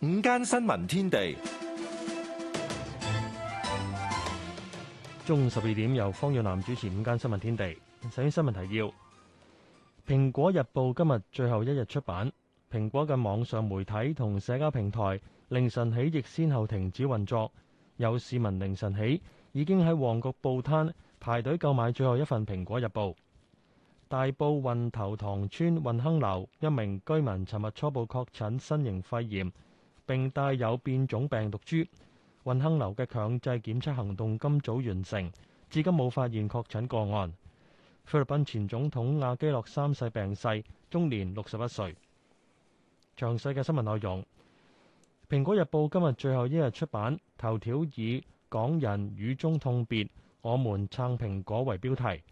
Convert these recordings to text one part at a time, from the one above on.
午間新聞天地，中午十二點由方若南主持午間。午間新聞天地，首先新聞提要：蘋果日報今日最後一日出版，蘋果嘅網上媒體同社交平台凌晨起亦先後停止運作。有市民凌晨起已經喺旺角報攤排隊購買最後一份蘋果日報。大埔運頭塘村運亨樓一名居民尋日初步確診新型肺炎。並帶有變種病毒株，運亨樓嘅強制檢測行動今早完成，至今冇發現確診個案。菲律賓前總統亞基諾三世病逝，終年六十一歲。詳細嘅新聞內容，《蘋果日報》今日最後一日出版，頭條以「港人雨中痛別，我們撐蘋果」為標題，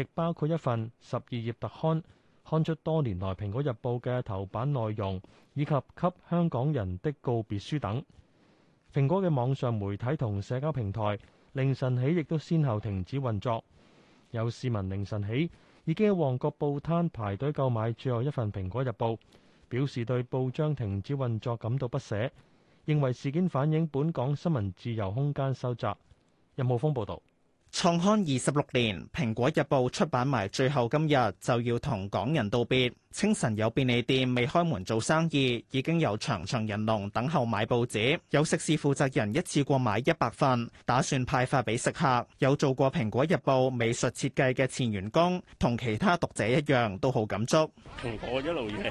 亦包括一份十二頁特刊。刊出多年來蘋果日報嘅頭版內容，以及給香港人的告別書等，《蘋果》嘅網上媒體同社交平台凌晨起亦都先後停止運作。有市民凌晨起已經喺旺角報攤排隊購買最後一份《蘋果日報》，表示對報章停止運作感到不捨，認為事件反映本港新聞自由空間收窄。任浩峯報道。創刊二十六年，《蘋果日報》出版埋最後今日，就要同港人道別。清晨有便利店未開門做生意，已經有長長人龍等候買報紙。有食肆負責人一次過買一百份，打算派發俾食客。有做過《蘋果日報》美術設計嘅前員工，同其他讀者一樣，都好感觸。我一路要嚟。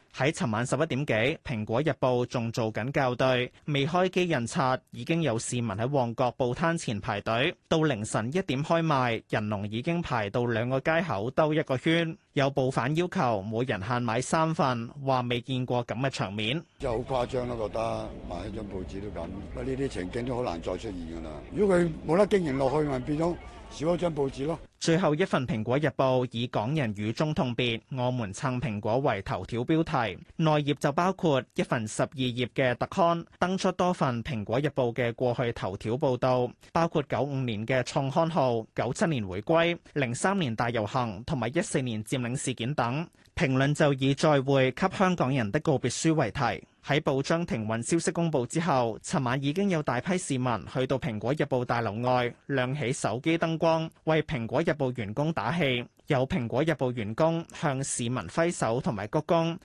喺尋晚十一點幾，蘋果日報仲做緊校對，未開機印刷已經有市民喺旺角報攤前排隊。到凌晨一點開賣，人龍已經排到兩個街口兜一個圈。有報販要求每人限買三份，話未見過咁嘅場面，真係好誇張咯！覺得買一張報紙都咁，咁呢啲情景都好難再出現㗎啦。如果佢冇得經營落去，咪變咗。少咗張報紙咯。最後一份《蘋果日報》以港人雨中痛別我們撐蘋果為頭條標題，內頁就包括一份十二頁嘅特刊，登出多份《蘋果日報》嘅過去頭條報導，包括九五年嘅創刊號、九七年回歸、零三年大遊行同埋一四年佔領事件等。評論就以再會給香港人的告別書為題。喺報章停運消息公布之後，尋晚已經有大批市民去到蘋果日報大樓外，亮起手機燈光，為蘋果日報員工打氣，有蘋果日報員工向市民揮手同埋鞠躬。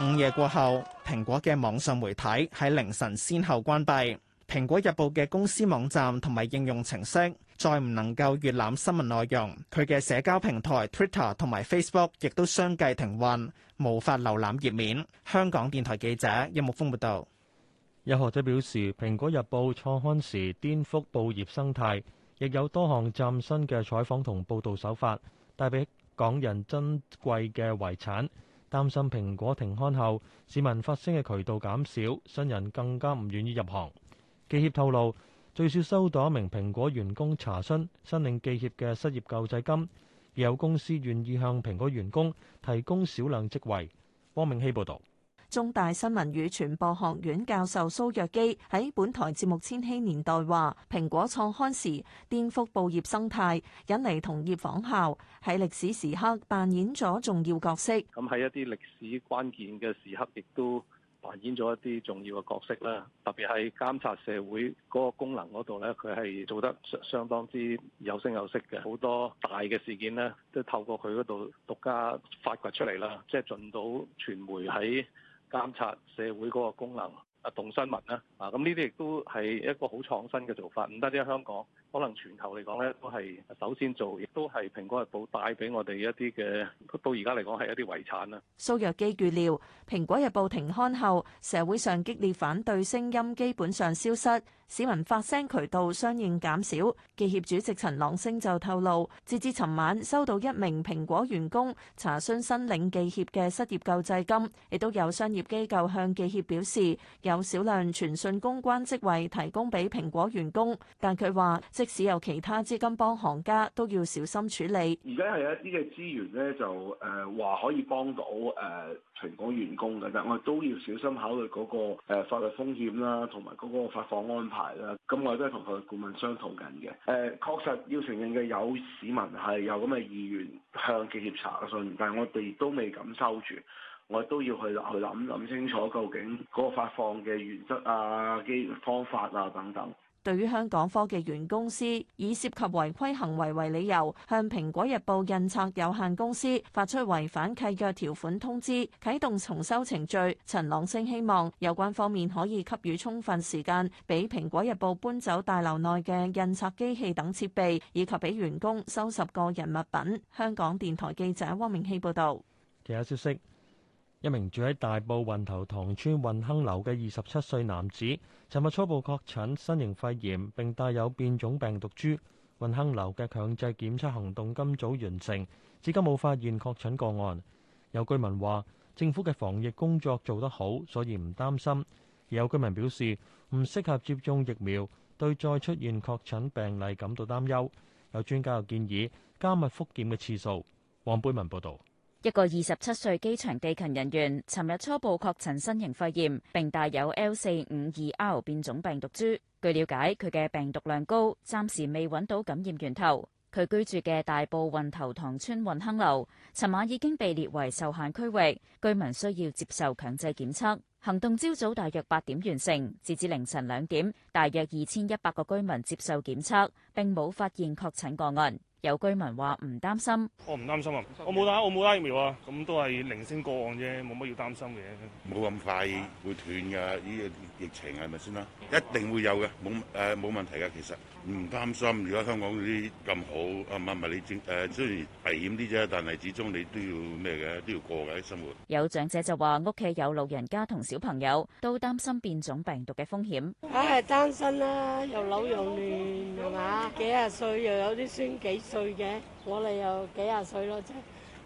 午夜過後，蘋果嘅網上媒體喺凌晨先後關閉。蘋果日報嘅公司網站同埋應用程式，再唔能夠閱覽新聞內容。佢嘅社交平台 Twitter 同埋 Facebook 亦都相繼停運，無法瀏覽頁面。香港電台記者殷木鋒報道。有學者表示，蘋果日報創刊時顛覆報業生態，亦有多項嶄新嘅採訪同報道手法，帶俾港人珍貴嘅遺產。擔心蘋果停刊後，市民發聲嘅渠道減少，新人更加唔願意入行。記協透露，最少收到一名蘋果員工查詢申領記協嘅失業救濟金，而有公司願意向蘋果員工提供少量職位。汪明希報導。中大新聞與傳播學院教授蘇若基喺本台節目《千禧年代》話蘋果創刊時顛覆報業生態引嚟同業仿效，喺歷史時刻扮演咗重要角色。咁喺一啲歷史關鍵嘅時刻，亦都扮演咗一啲重要嘅角色啦。特別係監察社會嗰個功能嗰度咧，佢係做得相相當之有聲有色嘅。好多大嘅事件咧，都透過佢嗰度獨家發掘出嚟啦。即係盡到傳媒喺監察社會嗰個功能啊，動新聞啦啊，咁呢啲亦都係一個好創新嘅做法，唔單止喺香港。可能全球嚟講咧，都係首先做，亦都係《蘋果日報》帶俾我哋一啲嘅，到而家嚟講係一啲遺產啦。蘇若基預料，《蘋果日報》停刊後，社會上激烈反對聲音基本上消失，市民發聲渠道相應減少。記協主席陳朗升就透露，截至尋晚收到一名蘋果員工查詢申領記協嘅失業救濟金，亦都有商業機構向記協表示有少量傳訊公關職位提供俾蘋果員工，但佢話。即使有其他資金幫行家，都要小心處理。而家係有一啲嘅資源咧，就誒話、呃、可以幫到誒、呃、員工員工嘅，但我都要小心考慮嗰、嗰個、呃、法律風險啦，同埋嗰個發放安排啦。咁我都係同法律顧問商討緊嘅。誒、呃，確實要承認嘅有市民係有咁嘅意願向記者查詢，但係我哋都未敢收住，我都要去去諗諗清楚，究竟嗰個發放嘅原則啊、機方法啊等等。對於香港科技園公司以涉及違規行為為理由，向《蘋果日報》印刷有限公司發出違反契約條款通知，啟動重修程序。陳朗星希望有關方面可以給予充分時間，俾《蘋果日報》搬走大樓內嘅印刷機器等設備，以及俾員工收拾個人物品。香港電台記者汪明熙報導。其他消息。一名住喺大埔運頭塘村運亨樓嘅二十七歲男子，尋日初步確診新型肺炎，並帶有變種病毒株。運亨樓嘅強制檢測行動今早完成，至今冇發現確診個案。有居民話：政府嘅防疫工作做得好，所以唔擔心。有居民表示唔適合接種疫苗，對再出現確診病例感到擔憂。有專家又建議加密復檢嘅次數。黃貝文報導。一個二十七歲機場地勤人員，尋日初步確診新型肺炎，並帶有 L 四五二 R 變種病毒株。據了解，佢嘅病毒量高，暫時未揾到感染源頭。佢居住嘅大埔運頭塘村運亨樓，尋晚已經被列為受限區域，居民需要接受強制檢測。行動朝早大約八點完成，截至凌晨兩點，大約二千一百個居民接受檢測，並冇發現確診個案。有居民話唔擔心，我唔擔心啊，我冇打，我冇打疫苗啊，咁都係零星個案啫，冇乜要擔心嘅。冇咁快會斷噶，呢個疫情係咪先啦？一定會有嘅，冇誒冇問題嘅。其實唔擔心，如果香港啲咁好，啊唔係唔係你正誒雖然危險啲啫，但係始終你都要咩嘅，都要過嘅生活。有長者就話屋企有老人家同小朋友，都擔心變種病毒嘅風險。唉，擔心啦，又老又嫩係嘛？幾廿歲又有啲孫幾？歲嘅，我哋又幾廿歲咯，啫，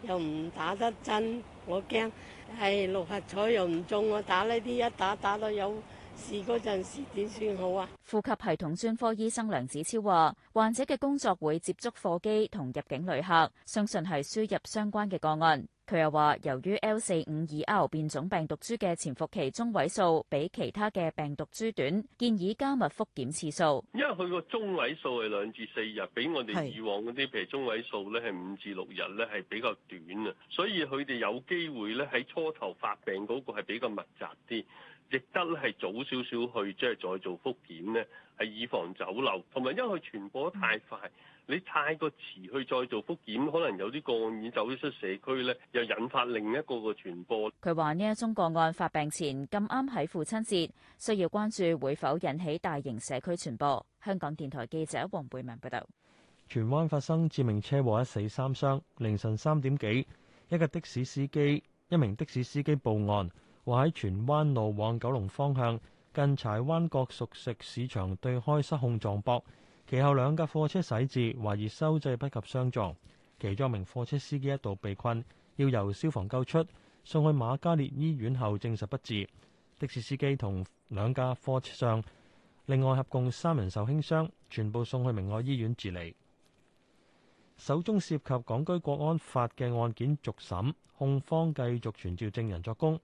又唔打得針，我驚係、哎、六合彩又唔中，我打呢啲一打打到有。嗰陣時點算好啊！呼吸系統專科醫生梁子超話，患者嘅工作會接觸貨機同入境旅客，相信係輸入相關嘅個案。佢又話，由於 L 四五二 R 變種病毒株嘅潛伏期中位數比其他嘅病毒株短，建議加密復檢次數。因為佢個中位數係兩至四日，比我哋以往嗰啲，譬如中位數咧係五至六日咧係比較短啊，所以佢哋有機會咧喺初頭發病嗰個係比較密集啲。亦得係早少少去，即係再做復檢咧，係以防走漏。同埋因為佢傳播得太快，你太過遲去再做復檢，可能有啲個案已經走出社區咧，又引發另一個個傳播。佢話呢一宗個案發病前咁啱喺父親節，需要關注會否引起大型社區傳播。香港電台記者黃貝文報道。荃灣發生致命車禍一死三傷，凌晨三點幾，一個的士司機一名的士司機報案。話喺荃灣路往九龍方向，近柴灣角熟食市場對開失控撞壆，其後兩架貨車駛至，懷疑收掣不及相撞，其中一名貨車司機一度被困，要由消防救出，送去瑪嘉烈醫院後證實不治。的士司機同兩架貨車上，另外合共三人受輕傷，全部送去明愛醫院治理。首宗涉及港區國安法嘅案件續審，控方繼續傳召證人作供。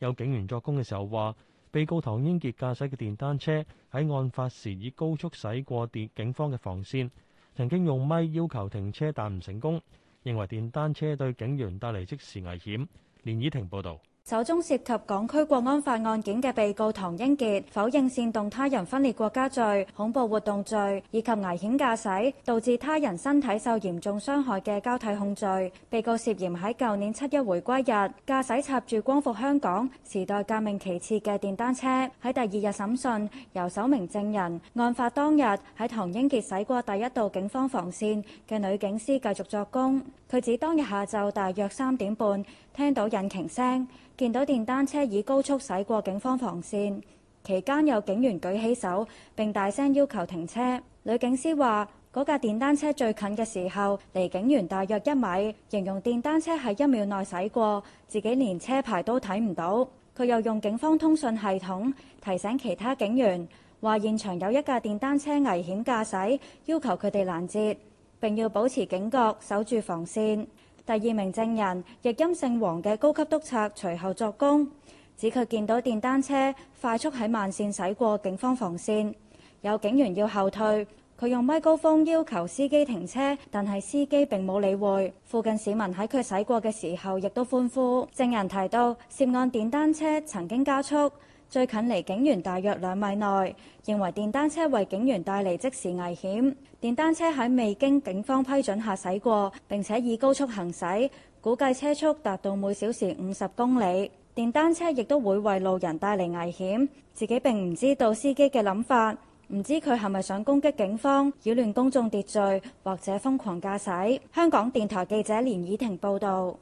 有警員作供嘅時候話，被告唐英傑駕駛嘅電單車喺案發時以高速駛過電警方嘅防線，曾經用咪要求停車但唔成功，認為電單車對警員帶嚟即時危險。連綺婷報道。首宗涉及港區國安法案件嘅被告唐英傑否認煽動他人分裂國家罪、恐怖活動罪以及危險駕駛導致他人身體受嚴重傷害嘅交替控罪。被告涉嫌喺舊年七一回歸日駕駛插住光復香港時代革命旗幟嘅電單車。喺第二日審訊由首名證人案發當日喺唐英傑駛過第一道警方防線嘅女警司繼續作供。佢指當日下晝大約三點半，聽到引擎聲，見到電單車以高速駛過警方防線，期間有警員舉起手並大聲要求停車。女警司話：嗰架電單車最近嘅時候離警員大約一米，形容電單車喺一秒內駛過，自己連車牌都睇唔到。佢又用警方通訊系統提醒其他警員，話現場有一架電單車危險駕駛，要求佢哋攔截，並要保持警覺守住防線。第二名證人亦因姓黃嘅高級督察隨後作供，指佢見到電單車快速喺慢線駛過警方防線，有警員要後退，佢用咪高峰要求司機停車，但係司機並冇理會。附近市民喺佢駛過嘅時候亦都歡呼。證人提到，涉案電單車曾經加速。最近離警員大約兩米內，認為電單車為警員帶嚟即時危險。電單車喺未經警方批准下駛過，並且以高速行駛，估計車速達到每小時五十公里。電單車亦都會為路人帶嚟危險，自己並唔知道司機嘅諗法，唔知佢係咪想攻擊警方、擾亂公眾秩序，或者瘋狂駕駛。香港電台記者連倚婷報道。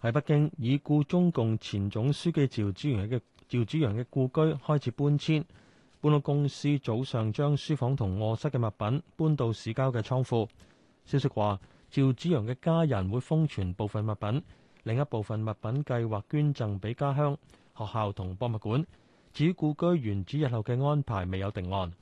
喺北京，已故中共前總書記趙紫陽嘅趙紫陽嘅故居開始搬遷，搬屋公司早上將書房同卧室嘅物品搬到市郊嘅倉庫。消息話，趙紫陽嘅家人會封存部分物品，另一部分物品計劃捐贈俾家鄉、學校同博物館。至於故居原址日後嘅安排，未有定案。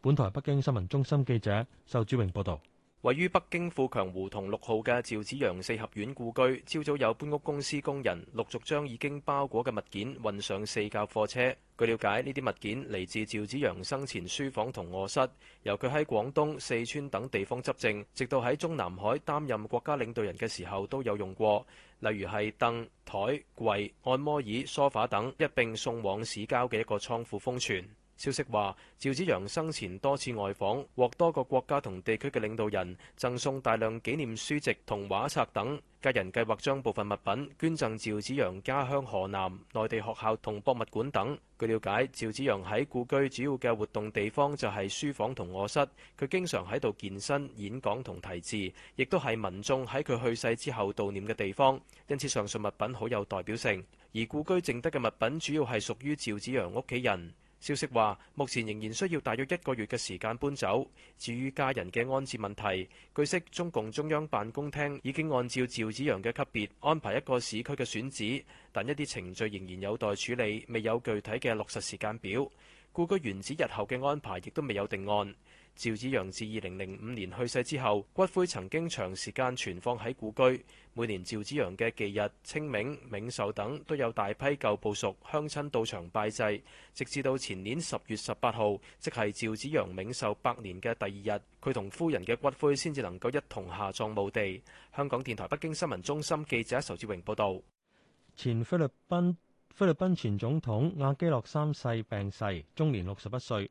本台北京新聞中心記者壽志榮報道。位於北京富強胡同六號嘅趙紫陽四合院故居，朝早有搬屋公司工人陸續將已經包裹嘅物件運上四架貨車。據了解，呢啲物件嚟自趙紫陽生前書房同臥室，由佢喺廣東、四川等地方執政，直到喺中南海擔任國家領導人嘅時候都有用過，例如係凳、枱、櫃、按摩椅、梳化等，一並送往市郊嘅一個倉庫封存。消息話，趙紫陽生前多次外訪，獲多個國家同地區嘅領導人贈送大量紀念書籍同畫冊等。家人計劃將部分物品捐贈趙紫陽家鄉河南內地學校同博物館等。據了解，趙紫陽喺故居主要嘅活動地方就係書房同卧室，佢經常喺度健身、演講同題字，亦都係民眾喺佢去世之後悼念嘅地方。因此，上述物品好有代表性。而故居淨得嘅物品主要係屬於趙紫陽屋企人。消息話，目前仍然需要大約一個月嘅時間搬走。至於家人嘅安置問題，據悉中共中央辦公廳已經按照趙紫陽嘅級別安排一個市區嘅選址，但一啲程序仍然有待處理，未有具體嘅落實時間表。故居原址日後嘅安排亦都未有定案。趙紫陽自二零零五年去世之後，骨灰曾經長時間存放喺故居。每年趙紫陽嘅忌日、清明、冥壽等，都有大批舊部屬、鄉親到場拜祭。直至到前年十月十八號，即係趙紫陽冥壽百年嘅第二日，佢同夫人嘅骨灰先至能夠一同下葬墓地。香港電台北京新聞中心記者仇志榮報道。前菲律賓菲律賓前總統亞基諾三世病逝，終年六十一歲。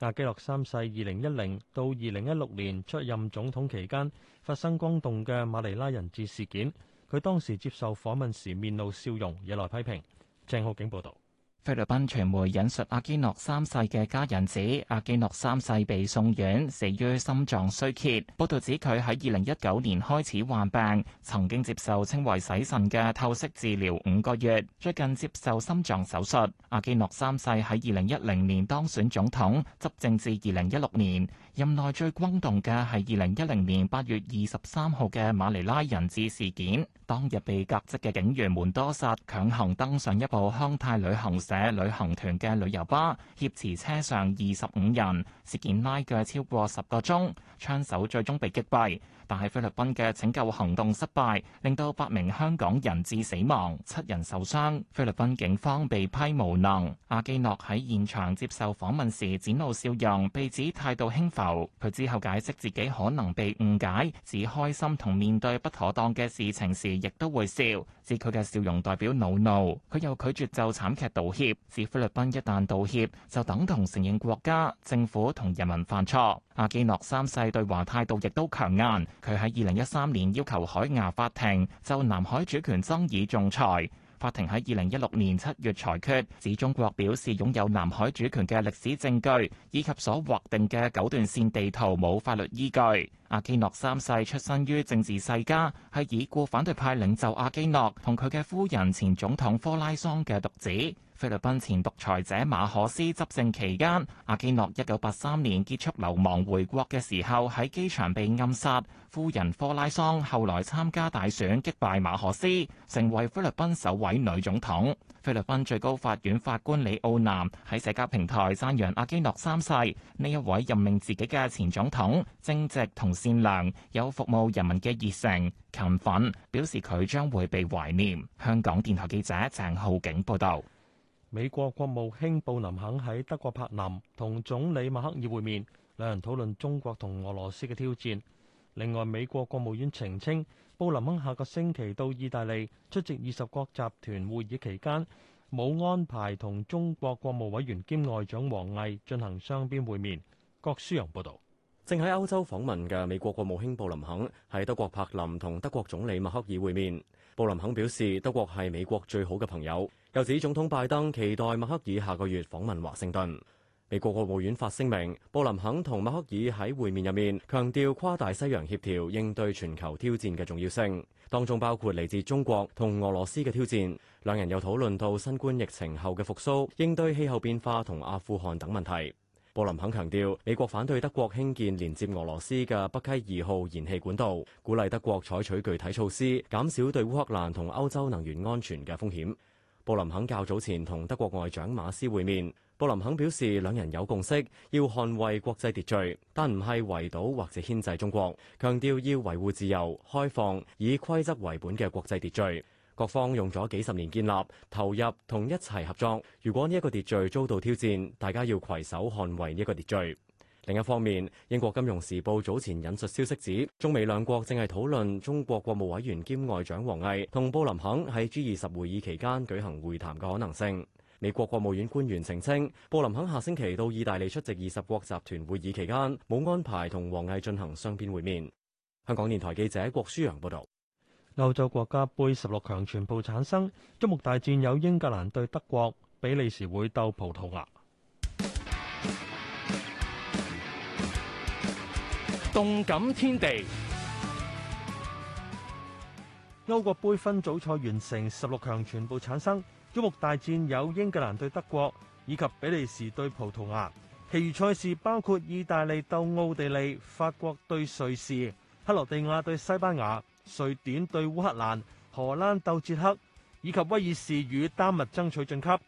阿基諾三世二零一零到二零一六年出任總統期間，發生轟動嘅馬尼拉人質事件，佢當時接受訪問時面露笑容，惹來批評。鄭浩景報道。菲律賓傳媒引述阿基諾三世嘅家人指，阿基諾三世被送院死於心臟衰竭。報導指佢喺二零一九年開始患病，曾經接受稱為洗腎嘅透析治療五個月，最近接受心臟手術。阿基諾三世喺二零一零年當選總統，執政至二零一六年。任內最轟動嘅係二零一零年八月二十三號嘅馬尼拉人質事件，當日被革職嘅警員門多薩強行登上一部康泰旅行旅行團嘅旅遊巴挾持車上二十五人，事件拉鋸超過十個鐘，槍手最終被擊斃。但係菲律賓嘅拯救行動失敗，令到八名香港人質死亡，七人受傷。菲律賓警方被批無能。阿基諾喺現場接受訪問時展露笑容，被指態度輕浮。佢之後解釋自己可能被誤解，指開心同面對不妥當嘅事情時，亦都會笑。指佢嘅笑容代表惱怒。佢又拒絕就慘劇道歉，指菲律賓一旦道歉，就等同承認國家、政府同人民犯錯。阿基諾三世對華態度亦都強硬，佢喺二零一三年要求海牙法庭就南海主權爭議仲裁，法庭喺二零一六年七月裁決，指中國表示擁有南海主權嘅歷史證據，以及所劃定嘅九段線地圖冇法律依據。阿基諾三世出身於政治世家，係已故反對派領袖阿基諾同佢嘅夫人前總統科拉桑嘅獨子。菲律賓前獨裁者馬可斯執政期間，阿基諾一九八三年結束流亡回國嘅時候，喺機場被暗殺。夫人科拉桑後來參加大選，擊敗馬可斯，成為菲律賓首位女總統。菲律賓最高法院法官李奧南喺社交平台讚揚阿基諾三世，呢一位任命自己嘅前總統，正直同善良，有服務人民嘅熱誠、勤奮，表示佢將會被懷念。香港電台記者鄭浩景報道。美國國務卿布林肯喺德國柏林同總理默克爾會面，兩人討論中國同俄羅斯嘅挑戰。另外，美國國務院澄清，布林肯下個星期到意大利出席二十國集團會議期間，冇安排同中國國務委員兼外長王毅進行雙邊會面。郭舒揚報導。正喺歐洲訪問嘅美國國務卿布林肯喺德國柏林同德國總理默克爾會面。布林肯表示，德國係美國最好嘅朋友。又指總統拜登期待默克爾下個月訪問華盛頓。美國國務院發聲明，布林肯同默克爾喺會面入面強調，跨大西洋協調應對全球挑戰嘅重要性，當中包括嚟自中國同俄羅斯嘅挑戰。兩人又討論到新冠疫情後嘅復甦、應對氣候變化同阿富汗等問題。布林肯強調，美國反對德國興建連接俄羅斯嘅北溪二號燃氣管道，鼓勵德國採取具體措施，減少對烏克蘭同歐洲能源安全嘅風險。布林肯較早前同德國外長馬斯會面，布林肯表示兩人有共識，要捍衛國際秩序，但唔係圍堵或者牽制中國，強調要維護自由、開放、以規則為本嘅國際秩序。各方用咗幾十年建立、投入同一齊合作，如果呢一個秩序遭到挑戰，大家要攜手捍衛呢個秩序。另一方面，英國金融時報早前引述消息指，中美兩國正係討論中國國務委員兼外長王毅同布林肯喺 G 二十會議期間舉行會談嘅可能性。美國國務院官員澄清，布林肯下星期到意大利出席二十國集團會議期間，冇安排同王毅進行雙邊會面。香港電台記者郭舒揚報導。歐洲國家杯十六強全部產生，矚目大戰有英格蘭對德國，比利時會鬥葡萄牙。動感天地，歐國杯分組賽完成，十六強全部產生，矚目大戰有英格蘭對德國以及比利時對葡萄牙，其餘賽事包括意大利鬥奧地利、法國對瑞士、克羅地亞對西班牙、瑞典對烏克蘭、荷蘭鬥捷克以及威爾士與丹麥爭取晉級。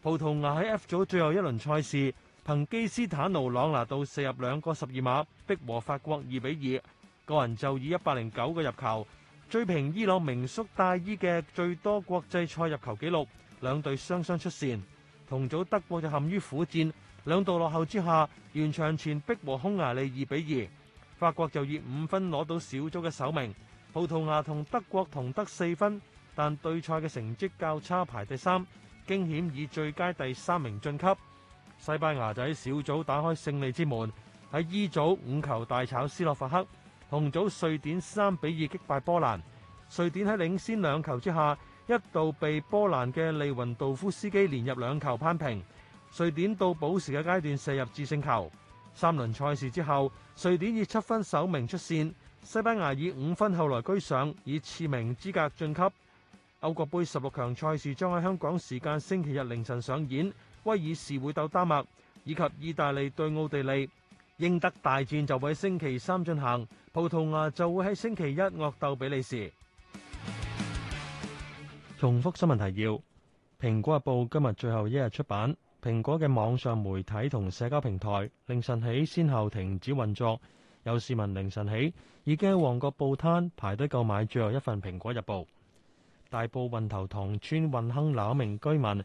葡萄牙喺 F 組最後一輪賽事，憑基斯坦奴朗拿度射入兩個十二碼，逼和法國二比二，個人就以一百零九個入球，追平伊朗名宿戴伊嘅最多國際賽入球紀錄。兩隊雙雙出線，同組德國就陷於苦戰，兩度落後之下，完場前逼和匈牙利二比二。法國就以五分攞到小組嘅首名，葡萄牙同德國同得四分，但對賽嘅成績較差排第三，驚險以最佳第三名晉級。西班牙仔小組打開勝利之門，喺 E 組五球大炒斯洛伐克。同組瑞典三比二擊敗波蘭。瑞典喺領先兩球之下，一度被波蘭嘅利雲道夫斯基連入兩球扳平。瑞典到補時嘅階段射入致勝球。三輪賽事之後，瑞典以七分首名出線。西班牙以五分後來居上，以次名資格晉級歐國杯十六強賽事，將喺香港時間星期日凌晨上演。威爾士會鬥丹麥，以及意大利對奧地利，英德大戰就會喺星期三進行。葡萄牙就會喺星期一惡鬥比利時。重複新聞提要：蘋果日報今日最後一日出版，蘋果嘅網上媒體同社交平台凌晨起先後停止運作。有市民凌晨起已經喺旺角報攤排隊購買最後一份蘋果日報。大埔運頭塘村運亨兩名居民。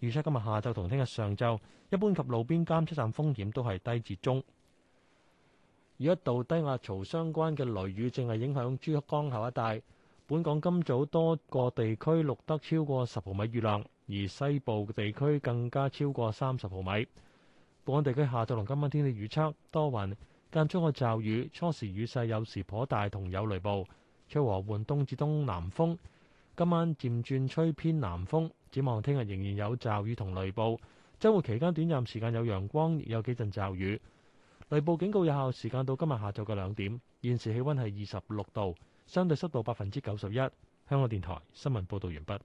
預測今日下晝同聽日上晝，一般及路邊監測站風險都係低至中。而一道低壓槽相關嘅雷雨，正係影響珠江口一帶。本港今早多個地區錄得超過十毫米雨量，而西部地區更加超過三十毫米。本港地區下晝同今晚天氣預測多雲間中嘅驟雨，初時雨勢有時頗大，同有雷暴。吹和緩東至東南風。今晚漸轉吹偏南風，展望聽日仍然有驟雨同雷暴。周末期間短暫時間有陽光，有幾陣驟雨。雷暴警告有效時間到今日下晝嘅兩點。現時氣溫係二十六度，相對濕度百分之九十一。香港電台新聞報道完畢。